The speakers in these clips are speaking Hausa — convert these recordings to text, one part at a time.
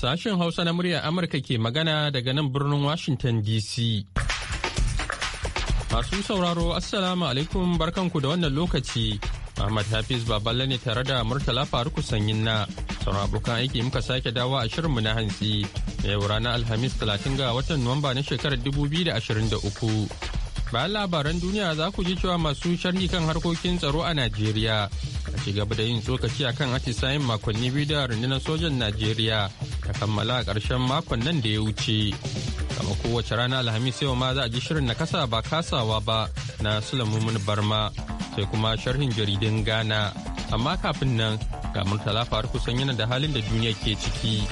Sashen Hausa na muryar Amurka ke magana daga nan birnin Washington DC. Masu sauraro Assalamu alaikum barkanku da wannan lokaci. Ahmad Hafiz Baballe ne tare da Murtala Faruku Sanyin na sauran abokan aiki muka sake dawo a shirinmu na hantsi. Yau ranar Alhamis 30 ga watan Nuwamba na shekarar da da ashirin uku. Bayan labaran duniya za ku ji cewa masu sharhi kan harkokin tsaro a Najeriya ci gaba da yin tsokaci akan atisayen makonni biyu da rundunar sojan najeriya ta kammala a ƙarshen makon nan da ya wuce kama kowace rana alhamis yau ma za a ji shirin na kasa ba kasawa ba na sulamumun barma sai kuma sharhin jaridun ghana amma kafin nan ga murtala faru kusan yana da halin da duniya ke ciki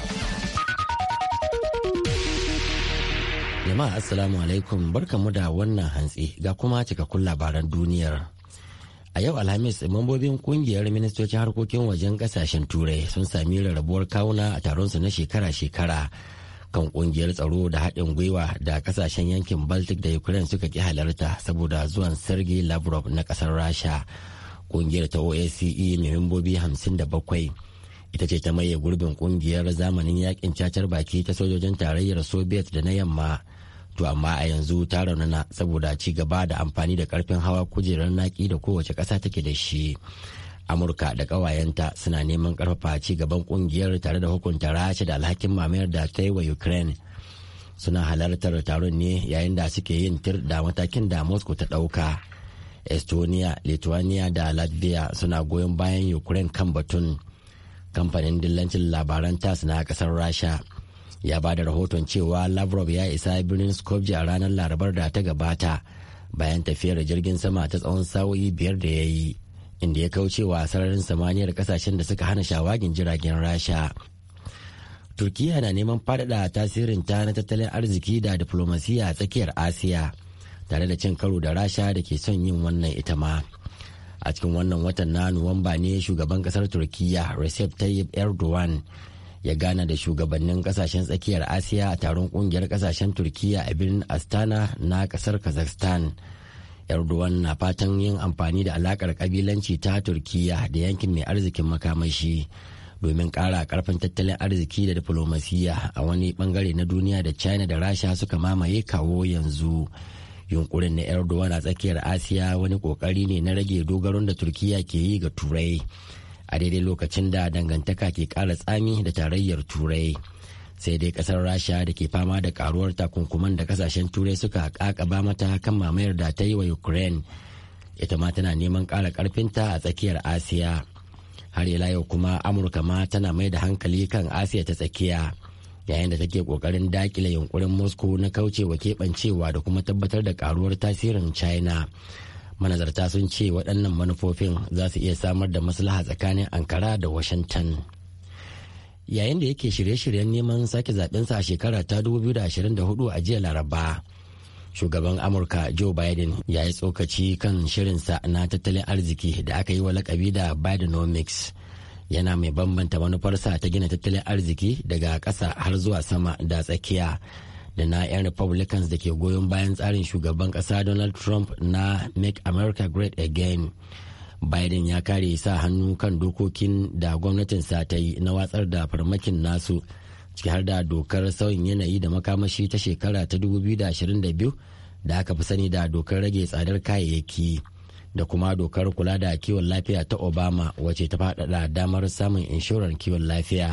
jama'a assalamu alaikum barkamu da wannan hantsi ga kuma cikakkun labaran duniyar a yau alhamis mambobin kungiyar ministocin harkokin wajen kasashen turai sun sami rarrabuwar kawuna a taron na shekara-shekara kan kungiyar tsaro da haɗin gwiwa da kasashen yankin baltic da ukraine suka ki halarta saboda zuwan sergei lavrov na ƙasar rasha kungiyar ta oace mai membobi 57 ita ce ta maye gurbin kungiyar zamanin yakin cacar baki ta sojojin tarayyar soviet da na yamma to amma a yanzu ta raunana saboda ci gaba da amfani da karfin hawa kujerar naki da kowace ƙasa take da shi amurka da kawayenta suna neman karfafa ci gaban ƙungiyar tare da hukunta rasha da alhakin mamayar da ta yi wa ukraine suna halartar taron ne yayin da suke yin tir da matakin da moscow ta ɗauka estonia lithuania da latvia suna goyon bayan ukraine kan batun kamfanin dillancin labaran tas na ƙasar rasha ya ba da rahoton cewa lavrov ya isa birnin skopje a ranar larabar da ta gabata bayan tafiyar jirgin sama ta tsawon sa'o'i biyar da ya yi inda ya kaucewa sararin samaniyar kasashen da suka hana shawagin jiragen rasha turkiya na neman faɗaɗa tasirin ta na tattalin arziki da diflomasiya a tsakiyar asiya tare da cin karo da rasha da ke son yin wannan ita ma a cikin wannan watan na nuwamba ne shugaban kasar turkiya recep tayyip erdogan ya gana da shugabannin kasashen tsakiyar asiya a taron kungiyar kasashen turkiya a birnin astana na kasar kazakhstan erdogan na fatan yin amfani da alakar kabilanci ta turkiya da yankin mai arzikin makamashi domin kara karfin tattalin arziki da diflomasiyya a wani bangare na duniya da china da rasha suka mamaye kawo yanzu yunkurin na erdogan a tsakiyar asiya wani kokari ne na rage dogaron da turkiya ke yi ga turai a daidai lokacin da dangantaka ke kara tsami da tarayyar turai sai dai kasar rasha da ke fama da karuwar takunkuman da kasashen turai suka kakaba mata kan mamayar da ta yi wa ukraine ita ma tana neman kara karfinta a tsakiyar asiya har ila yau kuma amurka ma tana mai da hankali kan asiya ta tsakiya yayin da take kokarin dakile yunkurin moscow na kaucewa keɓancewa da kuma tabbatar da karuwar tasirin china manazarta sun ce waɗannan manufofin za su iya samar da maslaha tsakanin ankara da washington yayin da yake shirye-shiryen neman sake zaɓensa a shekara ta 2024 a jiya laraba shugaban amurka joe biden ya yi tsokaci kan shirinsa na tattalin arziki da aka yi wa lakabi da bidenomics yana mai bambanta manufarsa ta gina tattalin arziki daga ƙasa har zuwa sama da tsakiya da na 'yan republicans da ke goyon bayan tsarin shugaban kasa donald trump na make america great again biden ya kare sa hannu kan dokokin da gwamnatinsa ta yi na watsar da farmakin nasu ciki har da dokar sauyin yanayi da makamashi ta shekara ta 2022 da aka fi sani da dokar rage tsadar kayayyaki da kuma dokar kula da kiwon lafiya ta obama wacce ta faɗaɗa damar samun inshorar kiwon lafiya.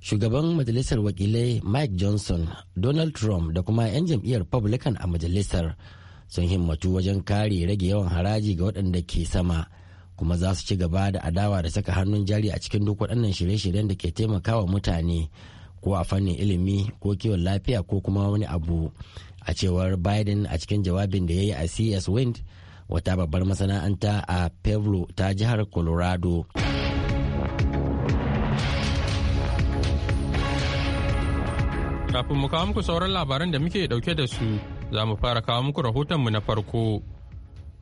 shugaban majalisar wakilai mike johnson donald trump da kuma 'yan jam'iyyar republican a majalisar sun himmatu wajen kare rage yawan haraji ga waɗanda ke sama kuma za su ci gaba da adawa da saka hannun jari a cikin duk waɗannan shirye-shiryen da ke taimakawa mutane ko a fannin ilimi ko kiwon lafiya ko kuma wani abu a cewar biden a cikin jawabin da ya yi a cs wind wata babbar masana'anta a pueblo ta jihar colorado. Kafin mu kawo muku sauran labaran da muke dauke da su, za mu fara kawo muku rahotonmu na farko.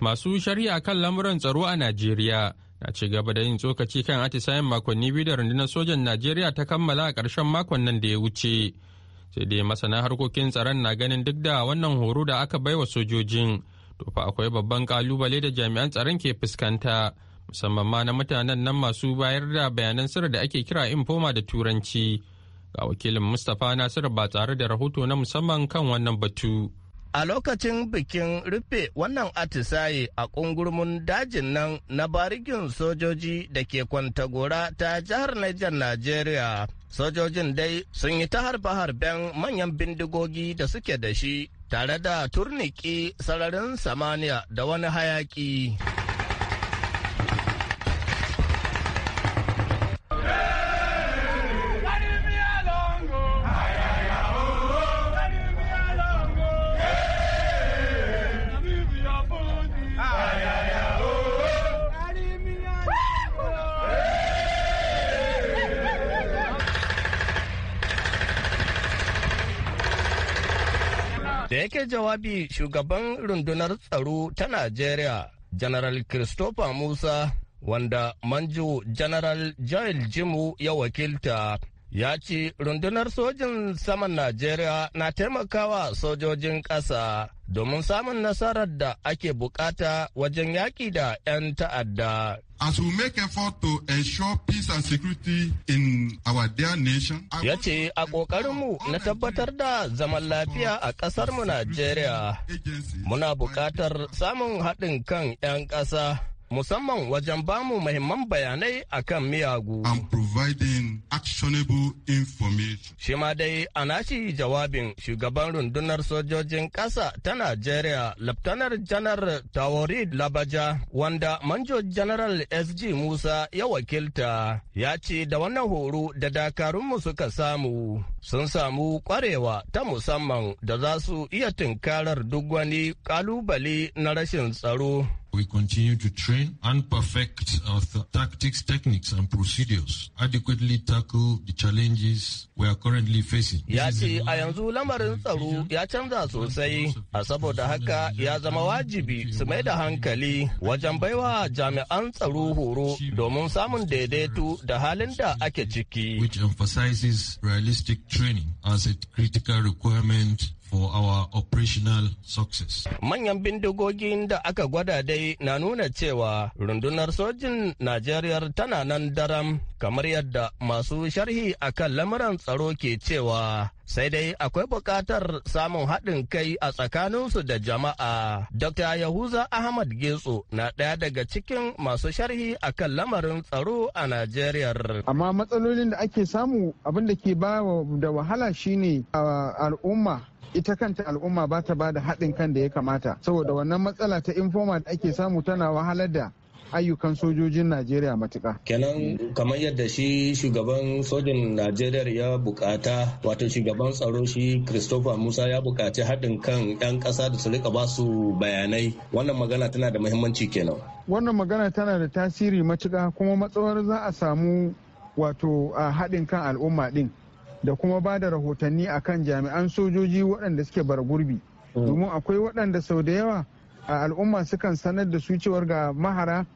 Masu shari'a kan lamuran tsaro a Najeriya na ci gaba da yin tsokaci kan atisayen makonni biyu da rundunar sojan Najeriya ta kammala a ƙarshen makon nan da ya wuce. Sai dai masana harkokin tsaron na ganin duk da wannan horo da aka baiwa sojojin, to fa akwai babban kalubale da jami'an tsaron ke fuskanta. musamman ma na mutanen nan masu bayar da bayanan sirri da ake kira infoma da turanci Ga wakilin Mustapha Nasiru ba tare da rahoto na musamman kan wannan batu. A lokacin bikin rufe wannan atisaye a ƙungurmin dajin nan na barikin sojoji da ke kwantagora ta jihar Niger, Najeriya, sojojin dai sun yi ta harbe-harben manyan bindigogi da suke da shi tare da turniki sararin samaniya da wani hayaki. yake jawabi shugaban rundunar tsaro ta Najeriya, General Christopher Musa, wanda manjo General Joel Jimu ya wakilta, ya ce rundunar sojin saman Najeriya na taimakawa sojojin ƙasa domin samun nasarar da ake bukata wajen yaƙi da 'yan ta'adda. As we make effort to ensure peace and security in our dear nation, ya ce a ƙoƙarinmu na tabbatar da zaman lafiya a ƙasarmu Najeriya, muna buƙatar samun haɗin kan 'yan ƙasa. musamman wajen bamu mahimman bayanai a kan miyagu. providing actionable Shi ma dai a nashi jawabin shugaban rundunar sojojin ƙasa ta Najeriya, Laftanar Janar Tawarid Labaja, wanda Manjo General SG Musa ya wakilta, ya ce da wannan horo da dakarunmu suka samu, sun samu ƙwarewa ta musamman da za su iya tunkarar duk wani ƙalubale na rashin tsaro. we continue to train and perfect our tactics, techniques, and procedures, adequately tackle the challenges we are currently facing. Ya ce a yanzu lamarin tsaro ya canza sosai, a saboda haka ya zama wajibi su mai da hankali wajen baiwa jami'an tsaro horo domin samun daidaito da halin da ake ciki. Which emphasizes realistic training as a critical requirement for our operational success. Manyan bindigogin da aka gwada dai na nuna cewa rundunar sojin Najeriya tana nan daram kamar yadda masu sharhi akan lamuran tsaro ke cewa sai dai akwai buƙatar samun haɗin kai a tsakaninsu da jama'a. Dr. Yahuza Ahmad Getso na ɗaya daga cikin masu sharhi akan lamarin tsaro a Najeriya. Amma matsalolin da ake samu abin da ke ba da wahala shine al'umma ita kanta al'umma ba ta ba haɗin kan da ya kamata saboda wannan matsala ta informa da ake samu tana wahalar da ayyukan sojojin Najeriya matuka. Kenan kamar yadda shi shugaban sojin Najeriya ya bukata wato shugaban tsaro shi Christopher Musa ya bukaci haɗin kan 'yan ƙasa da su rika basu bayanai wannan magana tana da muhimmanci kenan. Wannan magana tana da tasiri matuka kuma matsawar za a samu wato a haɗin kan al'umma ɗin. da kuma ba da rahotanni a kan jami'an sojoji waɗanda suke bar gurbi mm. domin akwai waɗanda sau da yawa a al'umma sukan sanar da su cewar ga mahara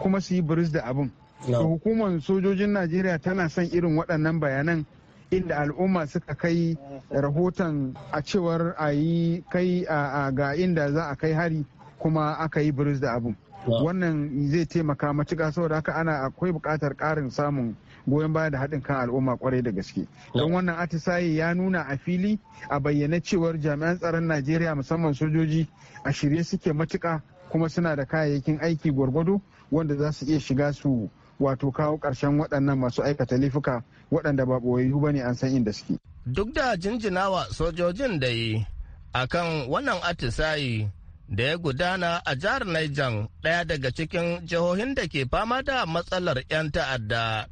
kuma su yi biris da abin hukumar sojojin najeriya tana son irin waɗannan bayanan inda al'umma suka kai rahoton a cewar a yi kai a ga inda za a kai hari kuma aka yi biris da abin wannan zai taimaka matuƙa saboda haka ana akwai buƙatar ƙarin samun goyon baya da haɗin kan al'umma kwarai da gaske don wannan atisaye ya nuna a fili a bayyane cewar jami'an tsaron najeriya musamman sojoji a shirye suke matuka kuma suna da kayayyakin aiki gwargwado wanda za su iya shiga su wato kawo ƙarshen waɗannan masu aikata laifuka waɗanda ba ɓoyayyu ba ne an san inda suke. Duk da jinjinawa sojojin da yi a kan wannan atisayi da ya gudana a jihar Niger ɗaya daga cikin jihohin da ke fama da matsalar 'yan ta'adda.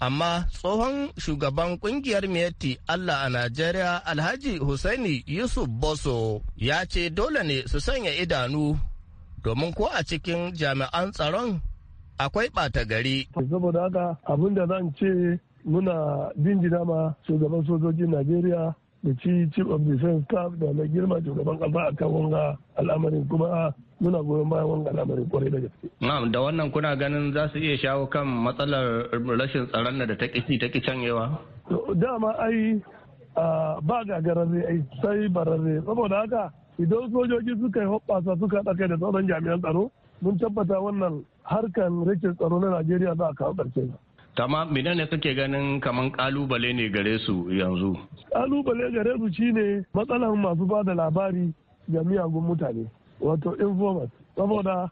amma tsohon shugaban kungiyar miyatti Allah a Najeriya Alhaji Hussaini Yusuf Boso ya ce dole ne su sanya idanu domin ko a cikin jami'an tsaron akwai ɓata gari. Saboda haka abin da zan ce muna jinjina ma shugaban sojojin Najeriya da ci chief of defense staff da na girma shugaban kasa a kan wanga al'amarin kuma muna goyon bayan wannan al'amari kwarai da gaske. Na'am da wannan kuna ganin za su iya shawo kan matsalar rashin tsaron da ta kici ta kicen yawa. Dama ai ba gagara zai ai sai barare saboda haka idan sojoji suka yi hoɓɓasa suka haɗa kai da sauran jami'an tsaro mun tabbata wannan harkan rashin tsaro na Najeriya za a kawo ƙarshen. Tama mina ne kake ganin kamar kalubale ne gare su yanzu? Kalubale gare su shine matsalar masu ba da labari ga miyagun mutane. wato informers saboda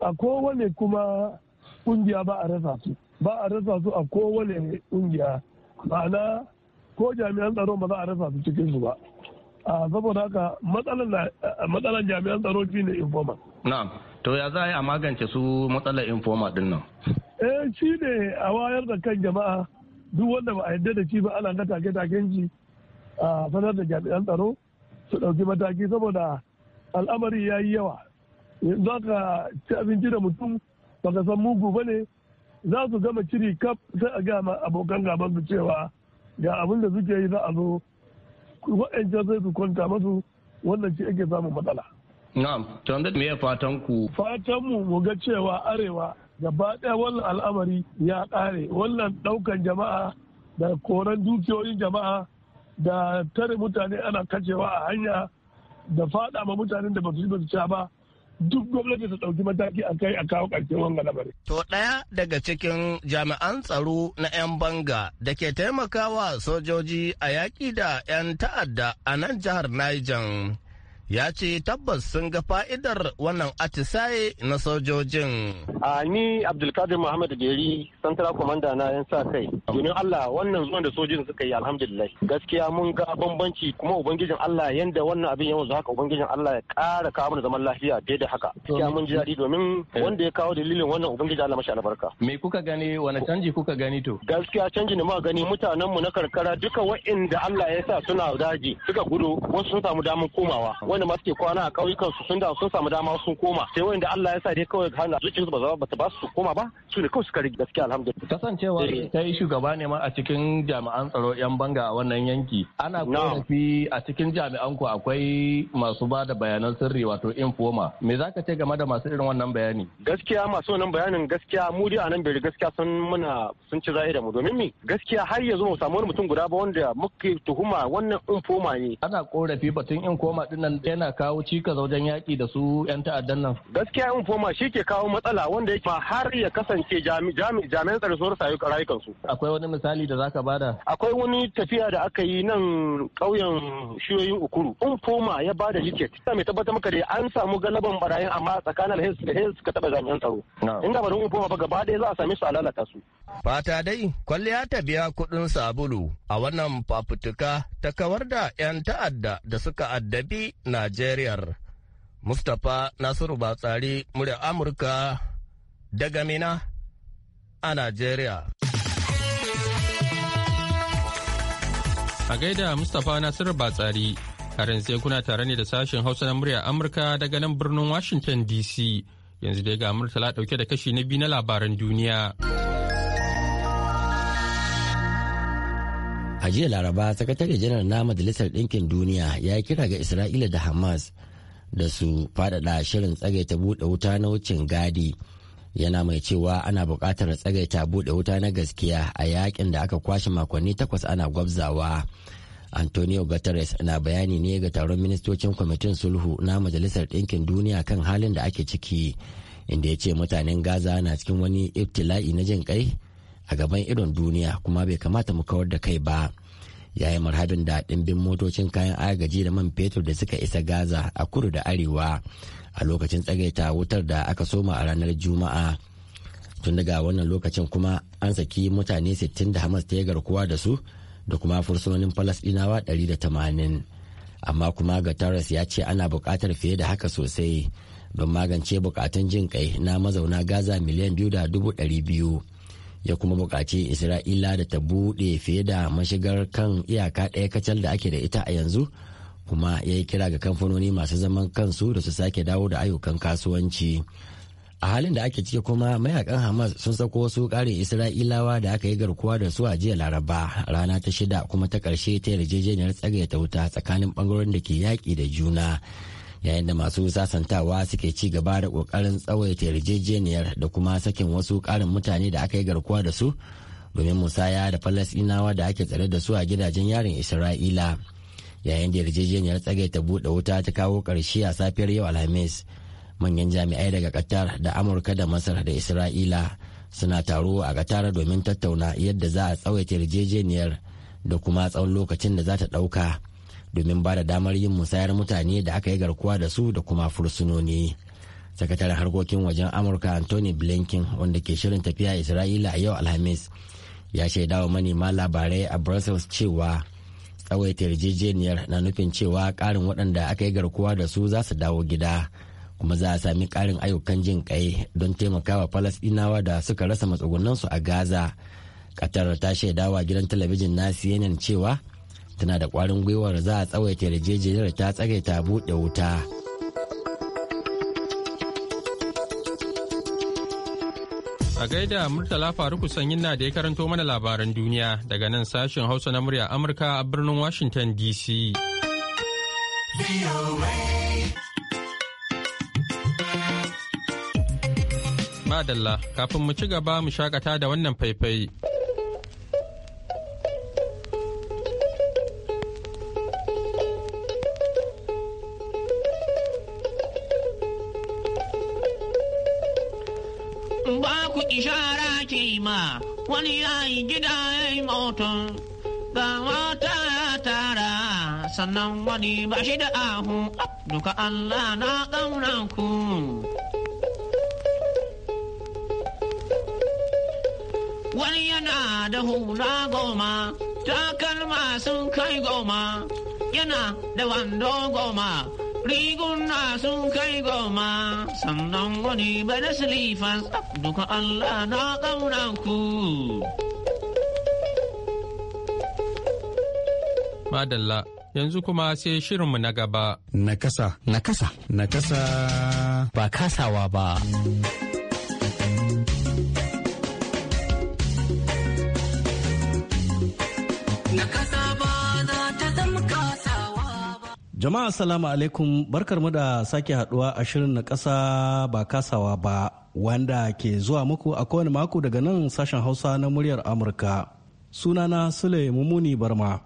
a kowane kuma kungiya ba a rasa su ba a rasa su a kowane kungiya ma'ana ko jami'an tsaro ba za a rasa su cikin su ba saboda haka matsalan jami'an tsaro shi ne informa. Na'am, to ya za a yi a magance su matsalar informa din nan? Eh shi ne a wayar da kan jama'a duk wanda ba a yadda da shi ba ana ga take-taken shi a sanar da jami'an tsaro su ɗauki mataki saboda al'amari ya yi yawa za aka ci abinci da mutum baka san mugu ba ne za su gama ciri kaf sai a ga ma abokan gaban su cewa ga abin da suke yi za a zo wa'ancan sai su kwanta masu wannan shi ake samun matsala. Na'am, to yanzu me ya fatan ku? Fatan mu mu ga cewa arewa gaba ɗaya wannan al'amari ya ƙare wannan ɗaukan jama'a da koran dukiyoyin jama'a da tare mutane ana kacewa a hanya da fada ma mutanen da ba su su ba duk gwamnati ta ɗauki mataki a kai a kawo ƙarshen wannan lamarin. To ɗaya daga cikin jami'an tsaro na 'yan banga da ke taimakawa sojoji a yaƙi da 'yan ta'adda a nan jihar Niger, ya ce tabbas sun ga fa'idar wannan atisaye na sojojin. A ni Abdulkadir Muhammad Geri, Central Commander na 'yan sa kai. Domin Allah wannan zuwan da sojojin suka yi alhamdulillah. Gaskiya mun ga bambanci kuma Ubangijin Allah yanda wannan abin yawan haka Ubangijin Allah ya ƙara kawo mana zaman lafiya fiye da haka. Gaskiya mun ji daɗi domin eh. wanda ya kawo dalilin wannan Ubangijin Allah mashi albarka. Me kuka gani wani canji kuka gani to? Gaskiya canji da ma gani mutanenmu na karkara duka wa'inda Allah ya sa suna daji suka gudu wasu sun samu damar komawa. wanda ma suke kwana a ƙauyukan su sun da sun samu dama sun koma sai wanda Allah ya sa dai kawai hana zuciyarsu ba za ba ta ba su koma ba su ne kawai suka rige gaskiya alhamdulillah kasancewa yi eh. shugaba ne ma a cikin jami'an tsaro yan banga a wannan yanki ana korafi a cikin jami'an ku akwai masu ba da bayanan sirri wato informa me zaka ce game da masu irin wannan bayani gaskiya masu wannan bayanin gaskiya mu dai anan nan gaskiya sun muna sun ci zahiri mu domin me gaskiya har yanzu mu samu wani mutum guda ba wanda muke tuhuma wannan informa ne ana korafi batun in koma dinnan yana kawo cikas wajen yaƙi da su 'yan ta'addan nan. Gaskiya foma shi ke kawo matsala wanda yake har ya kasance jami'an tsaro su rasa su. Akwai wani misali da zaka bada? Akwai wani tafiya da aka yi nan ƙauyen shiyoyin ukuru. foma ya bada tiket. Ina mai tabbatar maka da an samu galaban barayin amma tsakanin Hels da Hels ka taɓa jami'an tsaro. Inda ba don foma ba gaba ɗaya za a sami su a lalata su. Fata dai kwalliya ta biya kuɗin sabulu a wannan fafutuka ta kawar da 'yan ta'adda da suka addabi Najeriya. Mustapha Nasiru Batsari murya Amurka daga Mina a Najeriya. A gaida Mustapha Nasiru Batsari, karin sai kuna tare ne da sashen Hausa na murya Amurka daga nan birnin Washington DC. Yanzu dai ga Murtala ɗauke da kashi na biyu na labaran duniya. a jiya laraba sakatare janar na majalisar ɗinkin duniya ya kira ga isra'ila da hamas da su faɗaɗa shirin tsagaita buɗe wuta na wucin gadi yana mai cewa ana buƙatar tsagaita buɗe wuta na gaskiya a yakin da aka kwashe makonni takwas ana gwabzawa antonio guterres na bayani ne ga taron ministocin kwamitin sulhu na majalisar ɗinkin duniya kan halin da ake ciki inda ya ce mutanen gaza na cikin wani ibtila'i na jin kai a gaban idon duniya kuma bai kamata mu kawar da kai ba ya yi marhabin da ɗimbin motocin kayan agaji da man fetur da suka isa gaza a kudu da arewa a lokacin tsagaita wutar da aka soma a ranar juma'a tun daga wannan lokacin kuma an saki mutane 60 da hamas ta yi garkuwa da su da kuma fursunonin falasdinawa 180 amma kuma gataras ya ce ana buƙatar fiye da haka sosai don magance bukatun jin kai na mazauna gaza miliyan biyu da dubu ɗari biyu ya kuma buƙaci isra'ila da ta buɗe fiye da mashigar kan iyaka ɗaya kacal da ake da ita a yanzu kuma ya yi kira ga kamfanoni masu zaman kansu da su sake dawo da ayyukan kasuwanci a halin da ake ciki kuma mayakan hamas sun sako wasu ƙarin isra'ilawa da aka yi garkuwa da su a jiya laraba rana ta shida kuma ta ƙarshe ta yarjejeniyar tsagaita wuta tsakanin bangaren da ke yaƙi da juna yayin da masu sasantawa suke ci gaba da kokarin tsawaita yarjejeniyar da kuma sakin wasu karin mutane da aka yi garkuwa da su domin musaya da falasinawa da ake tsare da su a gidajen yarin isra'ila yayin da yarjejeniyar tsagai ta buɗe wuta ta kawo ƙarshe a safiyar yau alhamis manyan jami'ai daga qatar da amurka da masar da isra'ila suna taro a qatar domin tattauna yadda za a tsawaita yarjejeniyar da kuma tsawon lokacin da za ta ɗauka domin ba da damar yin musayar mutane da aka yi garkuwa da su da kuma fursunoni sakataren harkokin wajen amurka anthony blinken wanda ke shirin tafiya isra'ila a yau alhamis ya shaidawa manema labarai a brussels cewa tsawaita yarjejeniyar na nufin cewa karin waɗanda aka yi garkuwa da su za su dawo gida kuma za a sami karin ayyukan jin kai don taimakawa falasɗinawa da suka rasa matsugunansu a gaza ƙatar ta shaidawa gidan talabijin na cnn cewa tana da kwarin gwiwar za a tsawaita yarjejeniyar ta tsare ta buɗe wuta a gaida murtala faruku sanyin na da ya karanto mana labaran duniya daga nan sashen hausa na murya amurka a birnin washington dc madalla kafin mu ci gaba mu shakata da wannan faifai wani ya yi gida ya yi motun ga mata ya tara sannan wani ba shi da ahu duka Allah na ƙauna ku. Wani yana da hula goma, takalma sun kai goma, yana da wando goma. riguna sun kai goma sannan wani bane silifan duka Allah na ƙauna ku. Madalla yanzu kuma sai shirinmu na gaba. kasa. Na kasa. Ba kasawa ba. Jama'a salamu alaikum barkar mu da sake haduwa a shirin na kasa ba kasawa ba wanda ke zuwa muku a kowane mako daga nan sashen Hausa na muryar Amurka. Sunana Sule Mumuni Barma.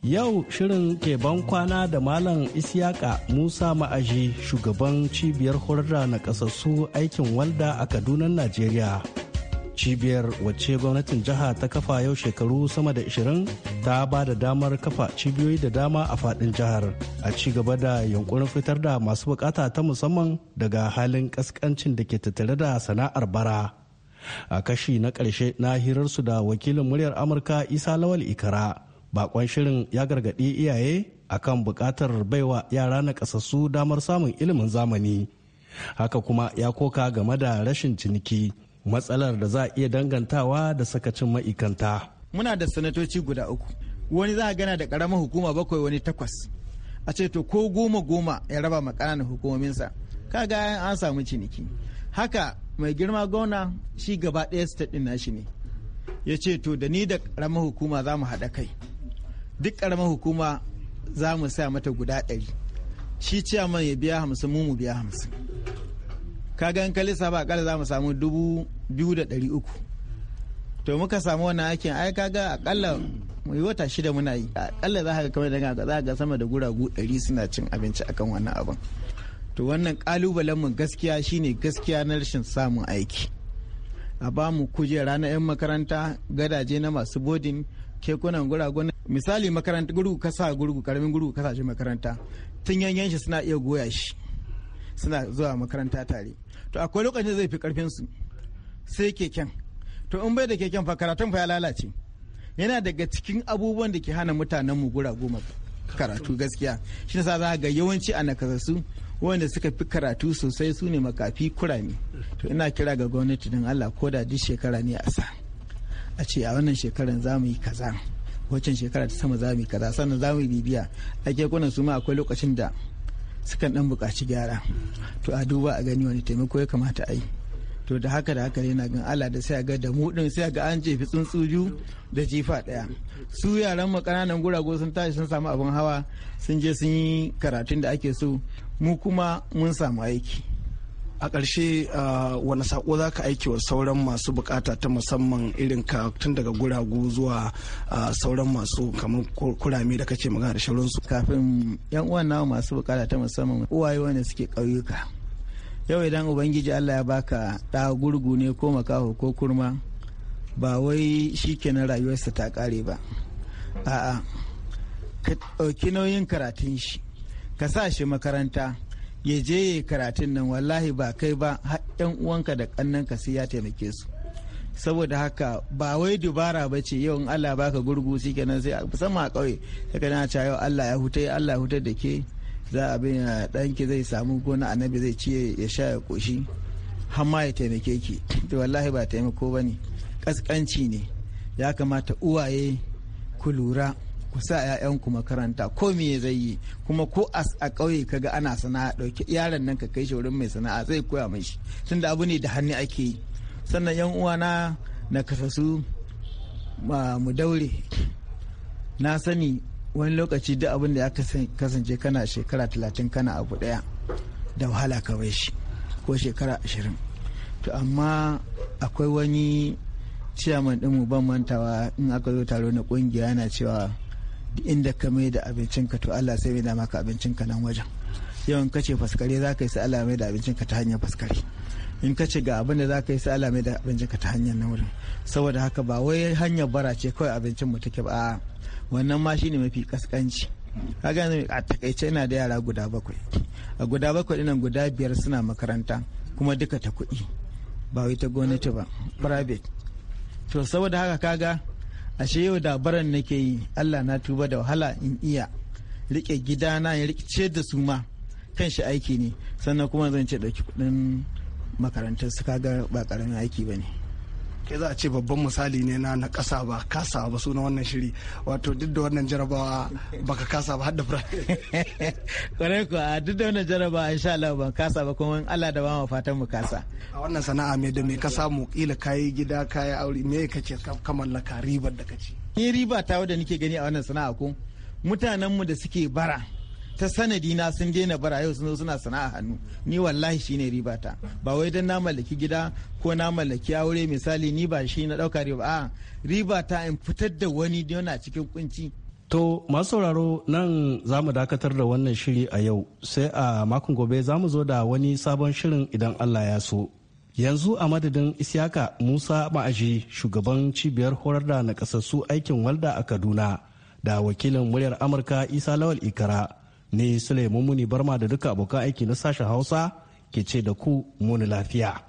Yau shirin ke ban kwana da Malam Isiyaka Musa Ma'aji shugaban cibiyar horar da kasassu aikin walda a Kaduna, Najeriya. cibiyar wacce gwamnatin jiha ta kafa yau shekaru sama da 20 ta ba da damar kafa cibiyoyi da dama a fadin jihar a ci gaba da yunkurin fitar da masu bukata ta musamman daga halin kaskancin da ke tattare da sana'ar bara a kashi na ƙarshe na hirarsu da wakilin muryar amurka isa lawal ikara bakon shirin ya gargaɗi iyaye akan bukatar baiwa yara na kasassu damar samun ilimin zamani haka kuma ya koka game da rashin ciniki matsalar da za a iya dangantawa da sakacin ma'ikanta. Muna da sanatoci guda uku, wani za a gana da ƙaramar hukuma bakwai wani takwas. A ce to ko goma goma ya raba ma ƙananan hukumominsa, kaga an samu ciniki. Haka mai girma gona shi gaba ɗaya state ɗin nashi ne. Ya ce to da ni da ƙaramar hukuma za mu haɗa kai. Duk ƙaramar hukuma za mu sa mata guda ɗari. Shi ciyaman ya biya hamsin mu mu biya hamsin. kaga in ka lissafa akalla za mu samu dubu biyu da ɗari uku to muka samu wani aikin ai kaga akalla mai wata shida muna yi akalla za ka kamar daga za ka sama da guragu ɗari suna cin abinci akan wannan abin to wannan kalubalen mu gaskiya shine gaskiya na rashin samun aiki a ba mu kujera na 'yan makaranta gadaje na masu bodin kekunan guragu misali makaranta gurgu kasa gurgu karamin gurgu kasashe makaranta tun yanyan shi suna iya goya shi suna zuwa makaranta tare to akwai lokacin zai fi karfin su sai keken to in bai da keken fa karatun fa ya lalace yana daga cikin abubuwan da ke hana mutanen mu gura goma karatu gaskiya shi yasa za ga yawanci a nakasassu wanda suka fi karatu sosai su ne makafi kurami to ina kira ga gwamnati don Allah ko da duk shekara ne a sa a ce a wannan shekaran za mu yi kaza Wancan shekara ta sama za mu yi kaza sannan za mu yi bibiya a kekunan su ma akwai lokacin da sukan dan buƙaci gyara to a duba a gani wani taimako ya kamata a yi to da haka da haka yana gan Allah da sai ga da mu din sai ga an jefi tsuntsuju da jifa daya su yaran mu kananan gurago sun tashi sun samu abin hawa sun je sun yi karatun da ake so mu kuma mun samu aiki a ƙarshe wani sako za ka aiki wa sauran masu bukata ta musamman irin ka tun daga guragu zuwa sauran masu kamar kurame da kace magana da shirinsu kafin yan uwan nawa masu bukata ta musamman uwaye wanda suke ƙauyuka yau idan ubangiji allah ya baka ɗa gurgu ne ko makaho ko kurma ba wai shi kenan rayuwarsa ta ƙare ba a'a ka ɗauki nauyin karatun shi ka sa shi makaranta ya je ya karatun nan wallahi ba kai ba yan uwanka da ka sai ya taimake su saboda haka ba wai dubara ba ce yau in Allah baka gurgu shi kenan sai musamman a ƙauye sai kana cewa yau Allah ya hutai Allah ya da ke za a bin eh, ɗanki zai samu gona annabi zai ciye ya sha ya ƙoshi har ya taimake ki to wallahi ba taimako ba ne ƙasƙanci ne ya kamata uwaye ku lura ku sa 'ya'yanku makaranta ko me zai yi kuma ko a ƙauye kaga ana sana'a ɗauki yaron nan ka kai shi wurin mai sana'a zai koya mai tun da abu ne da hannu ake yi sannan yan uwana na kasasu mu daure na sani wani lokaci duk abin da ya kasance kana shekara talatin kana abu ɗaya da wahala ka bai shi ko shekara ashirin to amma akwai wani ciyaman mu ban mantawa in aka zo taro na ƙungiya yana cewa inda ka mai da abincinka to Allah sai mai da maka abincinka nan wajen yawan kace faskare za ka yi sa'ala mai da abincinka ta hanyar faskare in ka ce ga abin da za ka yi sa'ala mai da abincinka ta hanyar nan wurin saboda haka ba wai hanyar bara ce kawai abincin mu take ba wannan ma shine mafi kaskanci ka gane a takaice ina da yara guda bakwai a guda bakwai dinan guda biyar suna makaranta kuma duka ta kuɗi ba wai ta gwamnati ba private to saboda haka kaga ashe yau da baran nake yi Allah na tuba da wahala in iya rike gidana ya rikice da su ma kan shi aiki ne sannan kuma zan ce ɗauki kuɗin makarantar su kaga ba ƙaramin aiki ba kai za a ce babban misali ne na na kasa ba kasa ba suna wannan shiri wato duk da wannan jarabawa baka kasa ba hadda fura kwarai kuwa duk da wannan jarabawa insha Allah ban kasa ba kuma Allah da ba mu fatan mu kasa a wannan sana'a mai da mai kasa mu kila kayi gida kayi aure me kake ka la ribar da kace ni riba ta wanda nake gani a wannan sana'a ko mutanenmu da suke bara ta sanadi na sun daina bara yau sun zo suna sana'a hannu ni wallahi shine riba ta ba wai dan na mallaki gida ko na mallaki aure misali ni ba shi na dauka riba a ribata in fitar da wani yana cikin kunci To masu sauraro nan za mu dakatar da wannan shiri a yau sai a makon gobe za mu zo da wani sabon shirin idan Allah ya so. Yanzu a madadin isyaka Musa Ma'aji shugaban cibiyar horar da nakasassu aikin walda a Kaduna da wakilin muryar Amurka Isa Lawal Ikara ne Suleiman Muni Barma da duka abokan aiki na sashen Hausa ke ce da ku muni lafiya.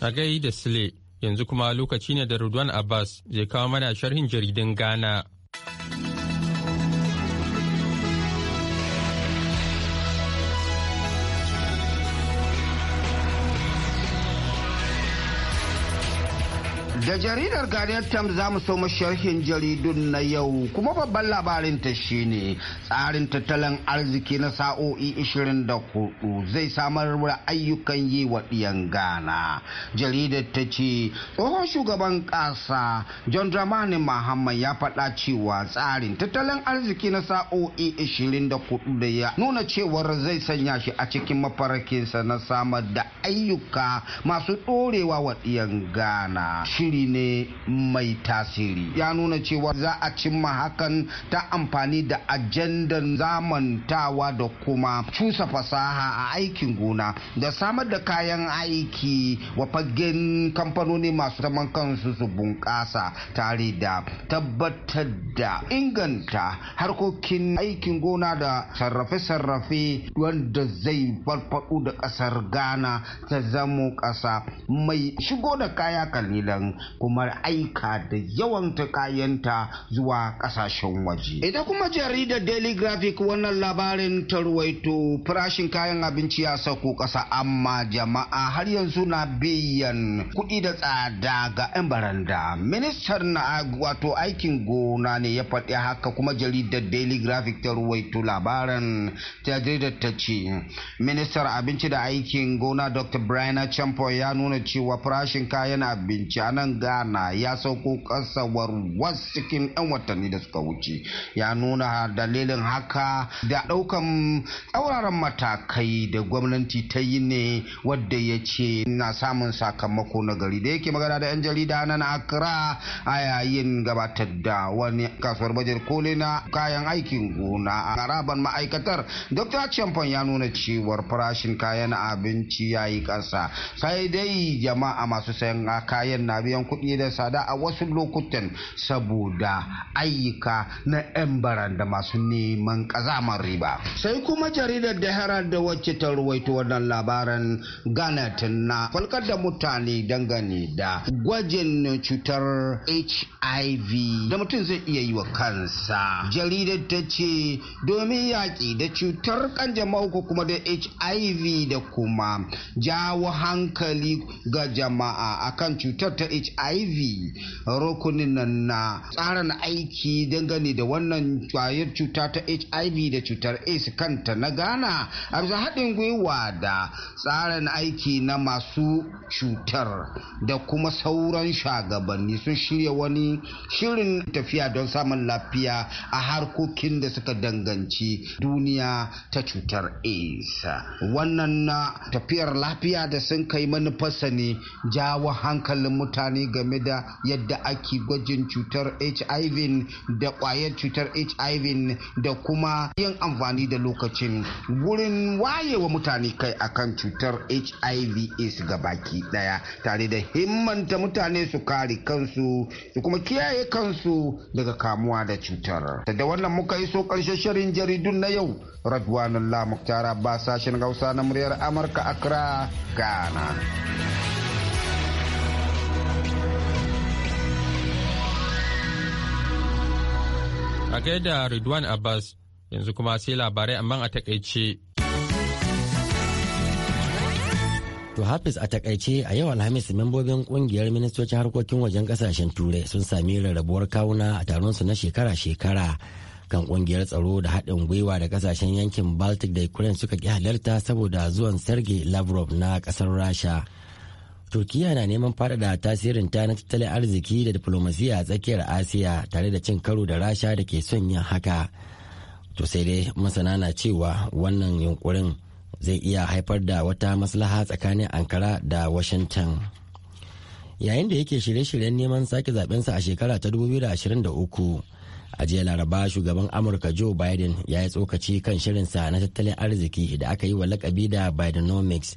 A gai da Sule yanzu kuma lokaci ne da Rudwan Abbas zai kawo mana sharhin jaridin Ghana. Da jaridar Guardian Times za mu so sharhin jaridun na yau kuma babban labarin ta ne tsarin tattalin arziki na sa'o'i 24 zai samar wa ayyukan yi wa ɗiyan gana Jaridar ta ce tsohon shugaban ƙasa John Dramani Mahamman ya faɗa cewa tsarin tattalin arziki na sa'o'i 24 da ya nuna cewar zai sanya shi a cikin mafarkinsa na samar da ayyuka masu ɗorewa wa ɗiyan gana. Shiri ne mai tasiri ya nuna cewa za a cimma hakan ta amfani da ajandan zamantawa da kuma cusa fasaha a aikin gona da samar da kayan aiki wa fagen kamfanoni masu zaman kansu su bunƙasa tare da tabbatar da inganta harkokin aikin gona da sarrafe-sarrafe wanda zai farfaɗo da ƙasar ghana ta zamo ƙasa mai shigo da kaya kalilan kuma aika da yawanta kayanta zuwa kasashen waje ita kuma jaridar daily graphic wannan labarin ta ruwaito farashin kayan abinci ya sauko kasa amma jama'a har yanzu na biyan kuɗi da tsada ga 'yan baranda ministan na wato aikin gona ne ya faɗi haka kuma jaridar daily graphic ta ruwaito labarin jaridar ta ce ministar abinci da aikin gona dr brian champo ya nuna cewa farashin kayan abinci a nan ghana ya sauko kasa warwar cikin 'yan watanni da suka wuce ya nuna dalilin haka da ɗaukan tsauraran matakai da gwamnati ta yi ne wadda ya ce na samun sakamako na gari da yake magana da 'yan jarida na akra a yayin gabatar da wani kasuwar bajar koli na kayan aikin gona a araban ma'aikatar dr champon ya nuna cewar farashin kayan abinci ya yi ƙasa sai dai jama'a masu sayan kayan na biyan wannan kuɗi da sada a wasu lokutan saboda ayyuka na 'yan baranda masu neman ƙazamar riba sai kuma jaridar da herald da wacce ta ruwaito wannan labarin tun na falkar da mutane dangane da gwajin cutar hiv da mutum zai iya yi wa kansa jaridar ta ce domin yaƙi da cutar kanjamau ko kuma da hiv da kuma jawo hankali ga jama'a akan cutar ta hiv hiv rukunin na tsarin aiki dangane da wannan kwayar cuta ta hiv da cutar aids kanta na ghana a bisa haɗin gwiwa da tsarin aiki na masu cutar da kuma sauran shagabanni sun shirya wani shirin tafiya don samun lafiya a harkokin da suka danganci duniya ta cutar aids wannan na tafiyar lafiya da sun kai manufarsa ne jawo hankalin mutane bayanai game da yadda ake gwajin cutar hiv da kwayar cutar hiv da kuma yin amfani da lokacin wurin wayewa mutane kai akan cutar hiv is baki daya tare da himmanta mutane su kare kansu su kuma kiyaye kansu daga kamuwa da cutar da wannan muka iso karshen shirin jaridun na yau radwanan lamuktar ba sashen hausa na muryar amurka accra ghana A gaida Ridwan Abbas yanzu kuma sai labarai amma a takaice. To Hafiz a takaice a yau Alhamis membobin kungiyar ministocin harkokin wajen kasashen turai sun sami rarrabuwar kawuna a taron su na shekara-shekara kan kungiyar tsaro da haɗin gwiwa da kasashen yankin Baltic da Ukraine suka ki halarta saboda zuwan Sergei Lavrov na ƙasar Rasha. turkiya na neman faɗaɗa tasirin ta na tattalin arziki da diplomasiya a tsakiyar asiya tare da cin karo da rasha da ke son yin haka to sai dai masana na cewa wannan yunkurin zai iya haifar da wata maslaha tsakanin ankara da washington yayin da yake shirye-shiryen neman sake zabensa a shekara ta 2023 a jiya laraba shugaban amurka joe biden ya yi tsokaci kan shirinsa na tattalin arziki da aka yi wa lakabi da bidenomics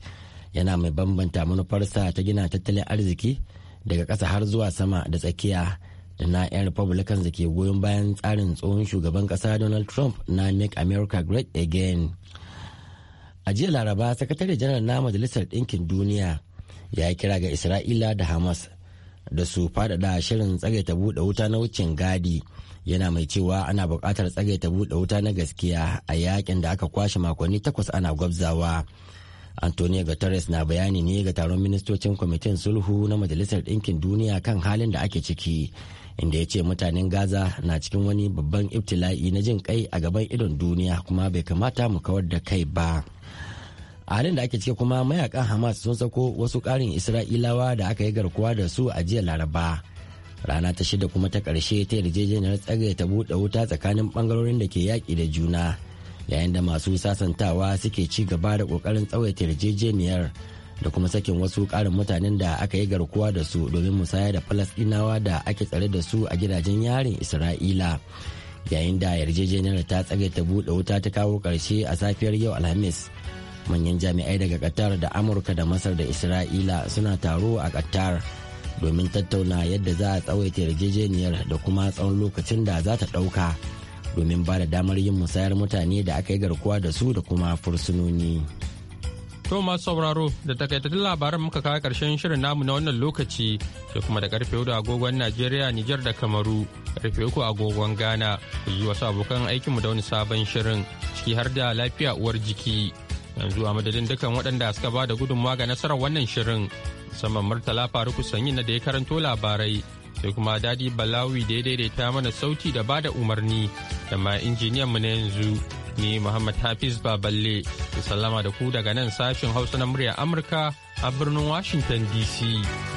yana mai bambanta manufarsa ta gina tattalin arziki daga ƙasa har zuwa sama da tsakiya da na 'yan republicans da ke goyon bayan tsarin tsohon shugaban ƙasa donald trump na make america great again a jiya laraba sakatare janar na majalisar ɗinkin duniya ya kira ga isra'ila da hamas da su faɗaɗa shirin tsagaita buɗe wuta na wucin gadi yana mai cewa ana buƙatar tsagaita buɗe wuta na gaskiya a yakin da aka kwashe makonni takwas ana gwabzawa antonio guterres na bayani ne ga taron ministocin kwamitin sulhu na majalisar ɗinkin duniya kan halin da ake ciki inda ya ce mutanen gaza na cikin wani babban ibtila'i na jin kai a gaban idon duniya kuma bai kamata mu kawar da kai ba a halin da ake ciki kuma mayakan hamas sun sako wasu ƙarin isra'ilawa da aka yi garkuwa da su a jiya laraba rana ta shida kuma ta ƙarshe ta yarjejeniyar ta buɗe wuta tsakanin ɓangarorin da ke yaƙi da juna yayin da masu sasantawa suke ci gaba da kokarin tsawaita yarjejeniyar da kuma sakin wasu karin mutanen da aka yi garkuwa da su domin musaya da falasdinawa da ake tsare da su a gidajen yarin isra'ila yayin da yarjejeniyar ta tsare ta buɗe wuta ta kawo ƙarshe a safiyar yau alhamis manyan jami'ai daga qatar da amurka da masar da isra'ila suna taro a qatar domin tattauna yadda za a tsawaita yarjejeniyar da kuma tsawon lokacin da za ta ɗauka. domin ba da damar yin musayar mutane da aka yi garkuwa da su da kuma fursunoni. To masu sauraro da takaitattun labaran muka kawo karshen shirin namu na wannan lokaci sai kuma da karfe hudu agogon Najeriya, Nijar da Kamaru, karfe uku agogon Ghana, ku yi wasu abokan aikinmu da wani sabon shirin ciki har da lafiya uwar jiki. Yanzu a madadin dukan waɗanda suka ba da gudunmawa ga nasarar wannan shirin, musamman Murtala Faruku Sanyi na da ya karanto labarai. sai kuma dadi balawi da ya daidaita mana sauti da bada umarni da ma injiniyan mu na yanzu ni muhammad hafiz baballe da sallama da ku daga nan sashen hausa na murya amurka a birnin washington dc